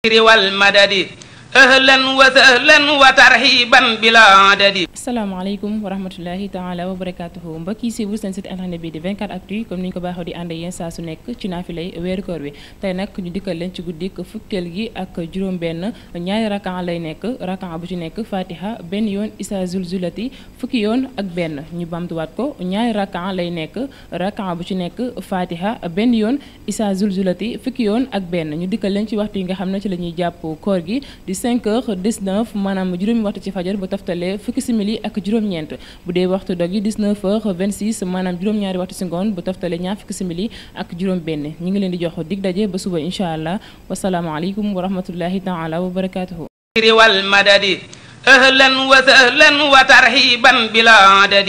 wal madadi ahlan wa sahlan wa tarhiban bila adadi asalaamaaleykum wa rahmatullahi taala wa barakaatuhu mbokk yi si bu seen site internet bi di 24 actu comme ni ñu ko baaxoo di ànd yéen saa su nekk ci naafilay weeru koor bi tey nag ñu dikkal leen ci guddik fukkeel gi ak juróom benn ñaari rakan lay nekk rakan bu ci nekk fatiha benn yoon isa zulzulati fukki yoon ak benn ñu bamtuwaat ko ñaari rakan lay nekk rakan bu ci nekk fatiha benn yoon isa zulzulati fukki yoon ak benn ñu dikkal leen ci waxtu yi nga xam ne ci la ñuy jàpp koor gi 5 heures 19 maanaam juróomi waxtu ci fajar ba taftalee fukki simili ak juróom-ñeent bu dee waxtu dog yi 19 heures 26 maanaam juróom-ñaari waxtu si ngoon bu taftalee ñaar fukki simili ak juróom-benn ñu ngi leen di jox dig daje ba suba incha allah wasalaamaaleykum wa rahmatullahi taala wa barakaatuhu. riwal madadi ahlan wa sahlan wa tarhiban bila